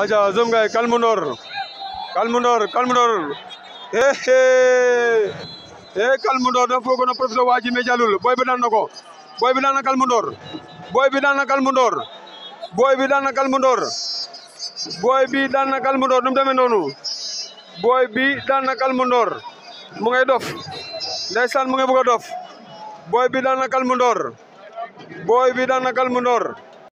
aca zoom gay kalmunor kalmunor kalmunor ehe e kalmunor na fogono professeur waji me jalul boy bi daan na ko boy bi daan na kalmunor boy bi daan na kalmunor boy bi daan na kalmunor boy bi daan na kalmunor num demee noonu boy bi daan na kalmunor mu ngay dof ndeysaan mu ngay bëgg a dof bi daan na kalmunor boy bi daan na kalmunor